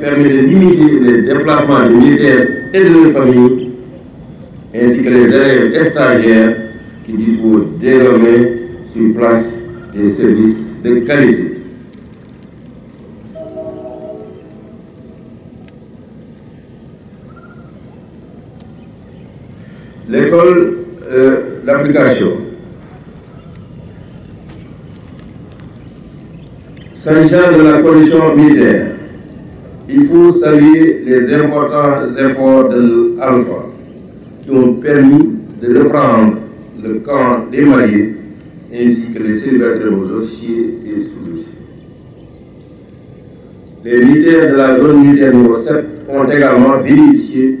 permet de limiter les déplacements des militaires et de leurs familles, ainsi que les élèves et stagiaires qui disposent désormais sur place des services de qualité. L'école d'application. Euh, jean de la condition militaire, il faut saluer les importants efforts de l'Alpha qui ont permis de reprendre le camp des mariés ainsi que les célibataires aux officiers et sous-officiers. Les militaires de la zone militaire numéro 7 ont également bénéficié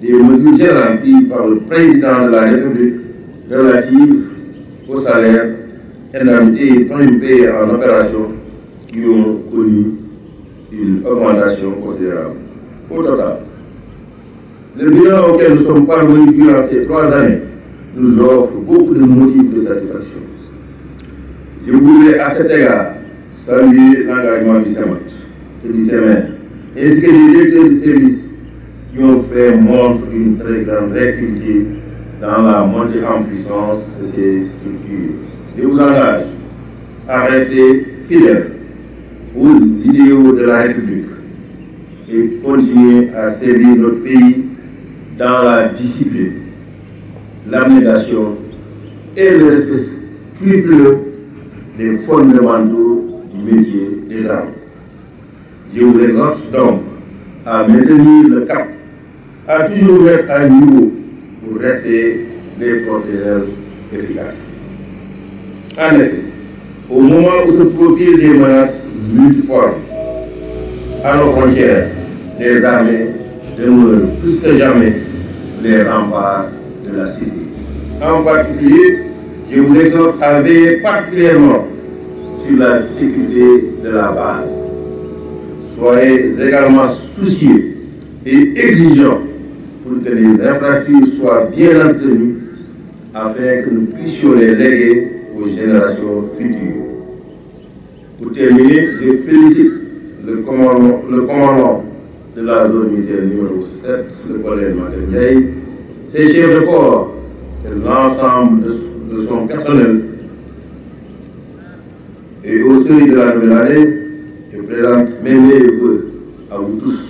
des mesures générales par le président de la République relatives au salaire, indemnité et plan en opération qui ont connu une augmentation considérable. Au total, le bilan auquel nous sommes parvenus durant ces trois années nous offre beaucoup de motifs de satisfaction. Je voudrais à cet égard saluer l'engagement du CEMAT et du CEMER, ainsi que les directeurs de service qui ont fait montre une très grande réactivité dans la montée en puissance de ces structures. Je vous engage à rester fidèles aux idéaux de la République et continuer à servir notre pays dans la discipline, l'abnégation et le respect triple des fondamentaux du métier des armes. Je vous exhorte donc à maintenir le cap, à toujours être à niveau pour rester des professeurs efficaces. En effet, au moment où se profilent des menaces fois à nos frontières, les armées demeurent plus que jamais les remparts de la cité. En particulier, je vous exhorte à veiller particulièrement sur la sécurité de la base. Soyez également soucieux et exigeants pour que les infrastructures soient bien entretenues afin que nous puissions les léguer aux générations futures. Pour terminer, je félicite le commandant, de la zone militaire numéro 7, le colonel Matem ses chefs de corps et l'ensemble de, son personnel. Et au sein de la nouvelle année, je présente mes meilleurs à vous tous.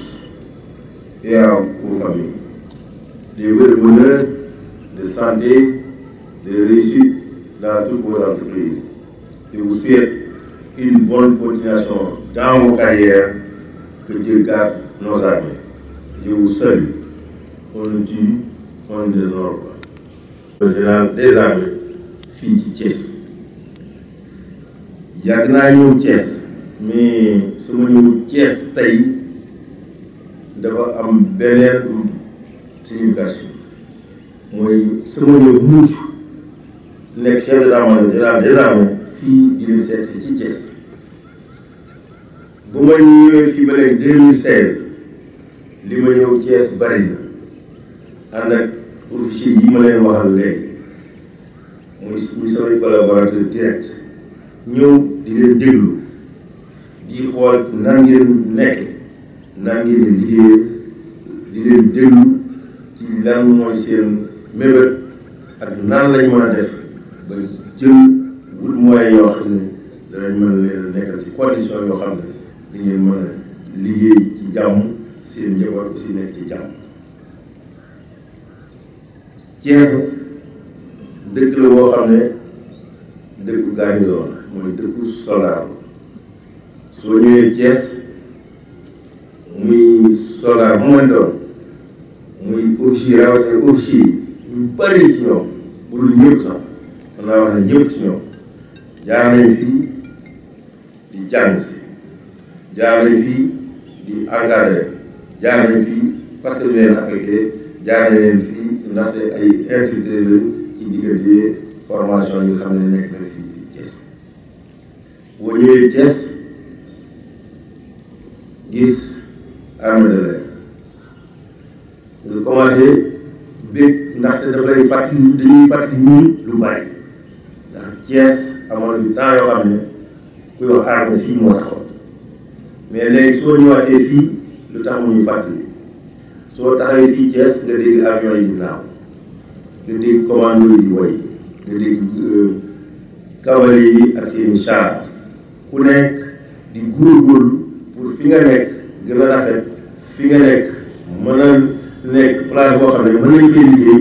que Dieu garde nos armées. Je vous salue. On nous tue, on nous déshonore Le général des armées ci Thiès a mais ce que nous Thiès une dafa am beneen signification ce sama ñëw nous chef général des armées bu ma ñëwee fii ba léegi deux mille seize li ma ñëw Thiès bari na ànd ak officier yi ma leen waxal léegi muy muy samay collaborateur direct ñëw di leen déglu di xool nan ngeen nekk nan ngeen di liggéeyee di leen déglu ci lan mooy seen mébét ak nan lañ mën a def ba jël wut mooy yoo xam ne danañ mën leen nekkal ci condition yoo xam ne di ngeen mën a liggéey ci jàmm seen njaboot aussi nekk ci jàmm Thiès dëkk la boo xam ne dëkku garnison la mooy dëkku soldat la soo ñëwee Thiès muy soldat bu mën doon muy officier rawatina officier yi ñu bari ci ñoom bu dul ñëpp sax mën naa wax ne ñëpp ci ñoom jaar nañ di jàng si jaar nañ fii di encadré jaar nañ parce que nous leen affecté jaar nañ leen fii ndaxte ay instructeurs lañu ci diggante formation yi xam ne nekk na fii Thiès boo ñëwee Thiès gis armée de l'air nga commencé bég ndaxte daf lay fàttali dañuy fàttali ñun lu bari ndax Thiès amoon temps yoo xam armée mais léegi soo ñëwaatee fii lu tax mu ñu fàttali soo fii Thiès nga dégg avion yi naaw nga dégg commando yi di woy euh, cavalier pour fi nga nekk gën a rafet fi nga nekk mën a nekk place boo xam ne mën nañ fee liggéey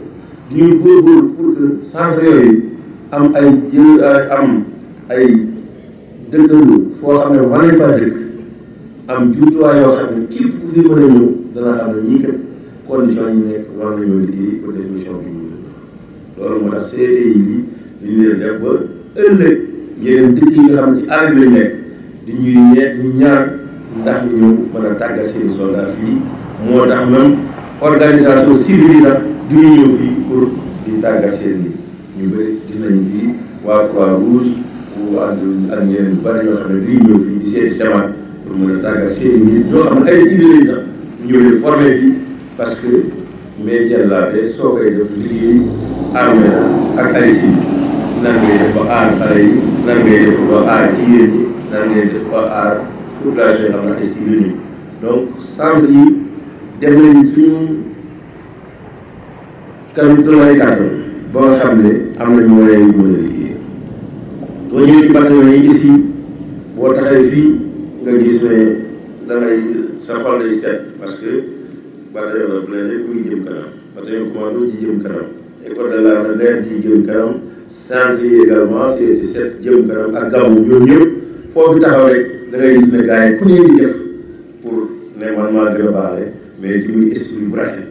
ñuy góorgóorlu pour que centre yooyu am ay jël am ay dëkkandu foo xam ne mën nañ faa dëkk am jumtuwaay yoo xam ne képp ku fi mën a ñëw dana xam ne ñii kat condition yi xam ci arab lañ nekk di ñuy ñeet ñu ndax ñu ñëw mën a tàggat seeni soldat fii moo tax même organisation civile sax ñëw fii pour di tàggat seen yi ñu bëri gis nañu waa Croix Rouge ou ak ak bari ñoo xam ne dañuy ñëw fii di seeti semence pour mën a tàggat seen i nit ñoo xam ne ay civil lañ sax ñu ñëw leen parce que métier la paix soo koy def liggéey armé ak ay civil nan ngay ba aar xale yi nan ngay def ba aar jigéen ñi nan ngay def ba aar population yi xam ne ay civil lañ donc centre yi def nañ suñu. kanam doon ay ba nga xam ne am nañ moyen yu mën a liggéey soo ñëwee ci bataillon yi ici boo taxee fii nga gis ne dangay sa xol day set parce que bataillon la bu leen mu jëm kanam bataillon commando ji jëm kanam école de l'armée leen ji jëm kanam centre yi également seeti set jëm kanam ak gàmmu ñoom ñëpp foofu taxaw rek da gis ne gars ku ne di def pour ne man maa gën a baale mais ci muy bu rafet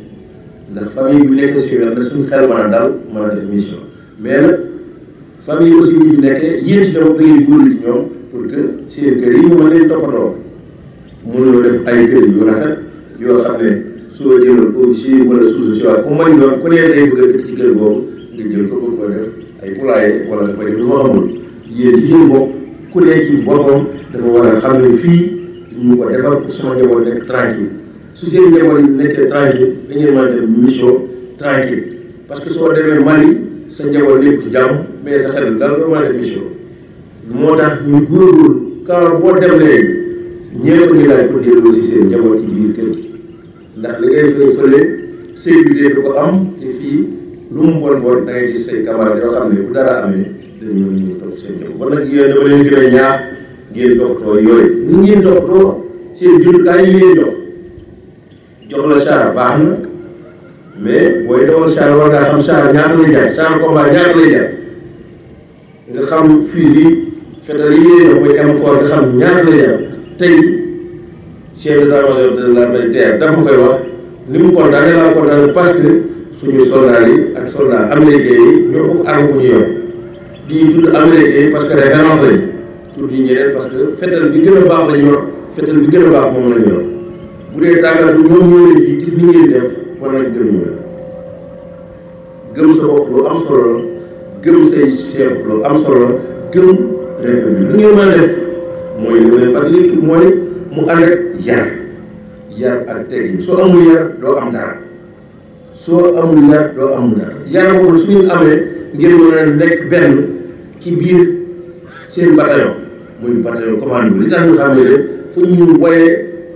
ndax famille bu nekkee suñu wér suñu xel mën a dal mën a def mission mais nag famille aussi bu fi nekkee yéen si ñoom ñoom pour que seen kër yi ñu mën leen toppatoo mënoo def ay kër yu rafet yoo xam ne soo jëloon officier wala sous-officier ku mañ doon ku ne day bëgg a dëkk ci kër boobu nga jël ko bëgg ko def ay poulailler wala dafa def lu ma xamul yéen ci seen bopp ku nekk ci boppam dafa war a xam ne fii ñu ko defal pour sama njaboot nekk tranquille su seen njaboot yi nekkee tranquille da ngeen mën a def parce que soo demee Mali sa njaboot nekk ci jàmm mais sa xel daal doo mën a def mission moo tax ñu góorgóorlu kaw boo dem léegi ñëpp ngi laaj pour delloo si seen njaboot ci biir kër gi ndax li ngay fay fële sécurité du ko am te fii lu mu bon bon da ngay gis say xam ne bu dara amee dañu ñëw topp seen njaboot bon nag yooyu dama leen gën a ñaax ngeen toppatoo yooyu ñu jox la char baax na mais booy dawal char war ngaa xam char ñaata lay jaay char combat ñaata nga xam fusil fetal yi yéen a koy am fort nga wax ni mu kontaanee parce que suñu ñu yor di tudd américains yi parce que référence lañu tudd yi bi ñu yor fetal bi gën a baax moom la ñu bu dee tàngal bi ñoo leen gis ni ngeen def war nañ gëm la gëm sa am solo la gëm say chef lu am a def mooy li leen fàttali mooy mu ànd yar yar ak teggin soo amul yar doo am dara soo amul yar doo amul dara yar boobu su ñu amee ngeen mën nekk benn ci biir seen bataillon muy bataillon commando li tax ñu xàmmee fu ñu woyee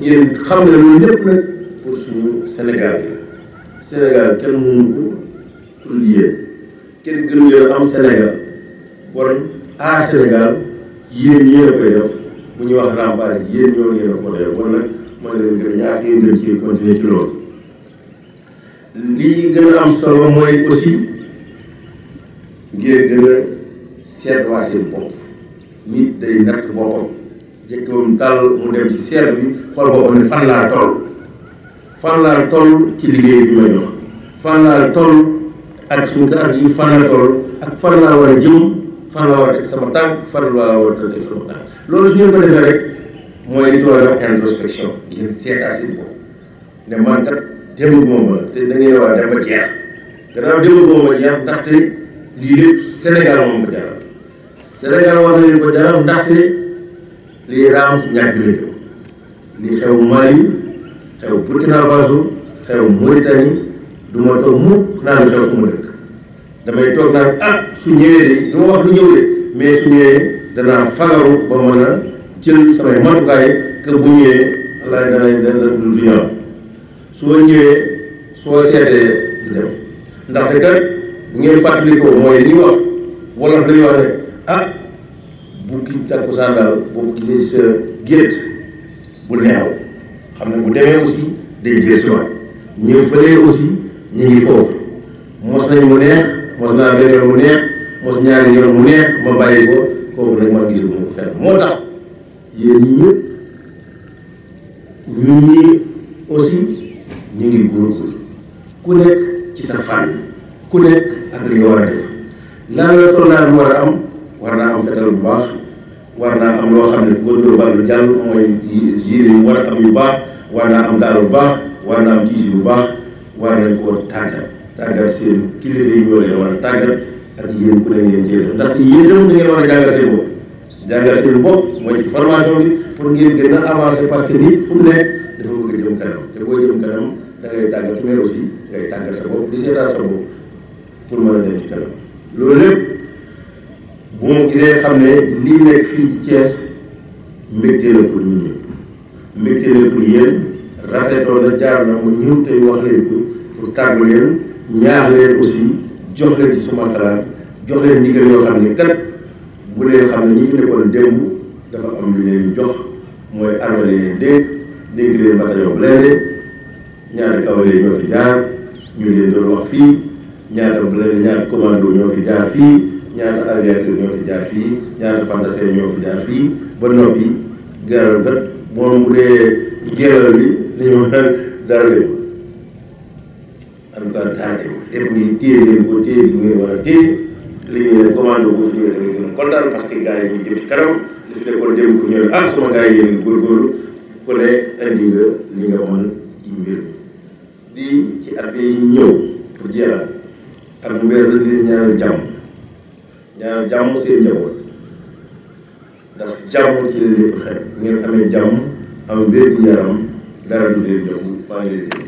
ngeen xam ne loolu lépp nag pour suñu Sénégal yi Sénégal kenn mënu ko pour yéen kenn gënu leen am Sénégal bon aar ah, Sénégal yéen yéen a koy def bu ñuy wax rempart yéen ñoo ngeen a ko def bon nag mooy leen gën ñaax ngeen gën ci continuer ci li gën a am solo mooy aussi ngeen gën a seet waa seen bopp nit day natt boppam jëkkoon tal mu dem ci seet bi xool boppam ne fan laa toll fan laa toll ci liggéey bi ma ñor fan laa toll ak suñ ko ak yi fan laa toll ak fan laa war a jëm fan laa war a teg sama tànk fan laa war a teg sama tànk loolu su ñu ko defee rek mooy li tubaab wax introspection ngeen seetaat seen bopp ne man kat démb moom la te da ngay wax dem ba jeex gannaaw démb moom la jeex ndaxte lii lépp Sénégal moom ko jaral Sénégal war na leen ko jaral ndaxte. lii raam ci ñàkk bi li xew Mali xew Burkina Faso xew Mauritanie du ma toog mukk naa xew su ma dëkk damay toog naan ah su ñëwee de du ma wax lu ñëw mais su ñëwee a jël samay matukaay que bu ñëwee walaay soo ñëwee seetee du dem ndaxte kat bu ngeen fàttalikoo mooy li ñuy wax wolof dañuy wax ne ah burkiñ takkusaan daal boo ko gisee sa gént bu neew xam ne bu demee aussi day jël si waat ñëw fëlee aussi ñu ngi foofu mos nañ mu neex mos naa benn yoon mu neex mos ñaari yoon mu neex ma bàyyi ko kooku nag man gisuma ko fenn moo tax yéen ñi ñëpp ñun ñii aussi ñu ngi góorgóorlu ku nekk ci sa famille ku nekk ak li nga war a def lan la sonal war a am. am fetal bu baax war naa am loo xam ne bu ko dóor bal jàll mooy yére yu war am yu baax war naa am daal bu baax war naa am tiisi bu baax war nañ koo tàggat tàggat seen kilifa yi ñoo leen war a tàggat ak yéen ku ne ngeen cee def ndax yéen tam da ngeen war a jàngal a avancer parce que nit fu nekk dafa bëgg jëm kanam te boo jëm kanam da ngay tàggat pour mën loolu lépp ñu gisee xam ne lii nekk fii ci Thiès mbégte la pour ñun ñëpp mbégte la pour yéen rafetoon na jaar na mu ñëw tey wax leen ko tàggu leen ñaax leen aussi jox leen ci suma xalaat jox leen ndigal yoo xam ne kat bu leen xam ne ñi fi nekkoon démb dafa am leen jox mooy arme leen dégg dégg leen bataillon blindé ñaata cavalerie ñoo fi jaar ñu leen doon wax fii ñaata blindé ñaata commando ñoo fi jaar fii ñaata aviateur ñoo fi jaar fii ñaata fantasien ñoo fi jaar fii ba noppi garal bët moom bu dee géral bi li ñu wax dara leen en tout cas dara leen lépp ni téye leen ko téye bi ngeen war a téye li ñu ne commande boo fi ñëwee da ngay gën a kontaan parce que li ko ñëw ah sama nga li nga mën ci mbir ci at yi ñëw pour jeexal ak mu bees la di jàmm ñaanal jàmm seen njaboot ndax jàmm ci la lépp xel ngeen amee jàmm am wér gu yaram dara du leen ñëw maa ngi leen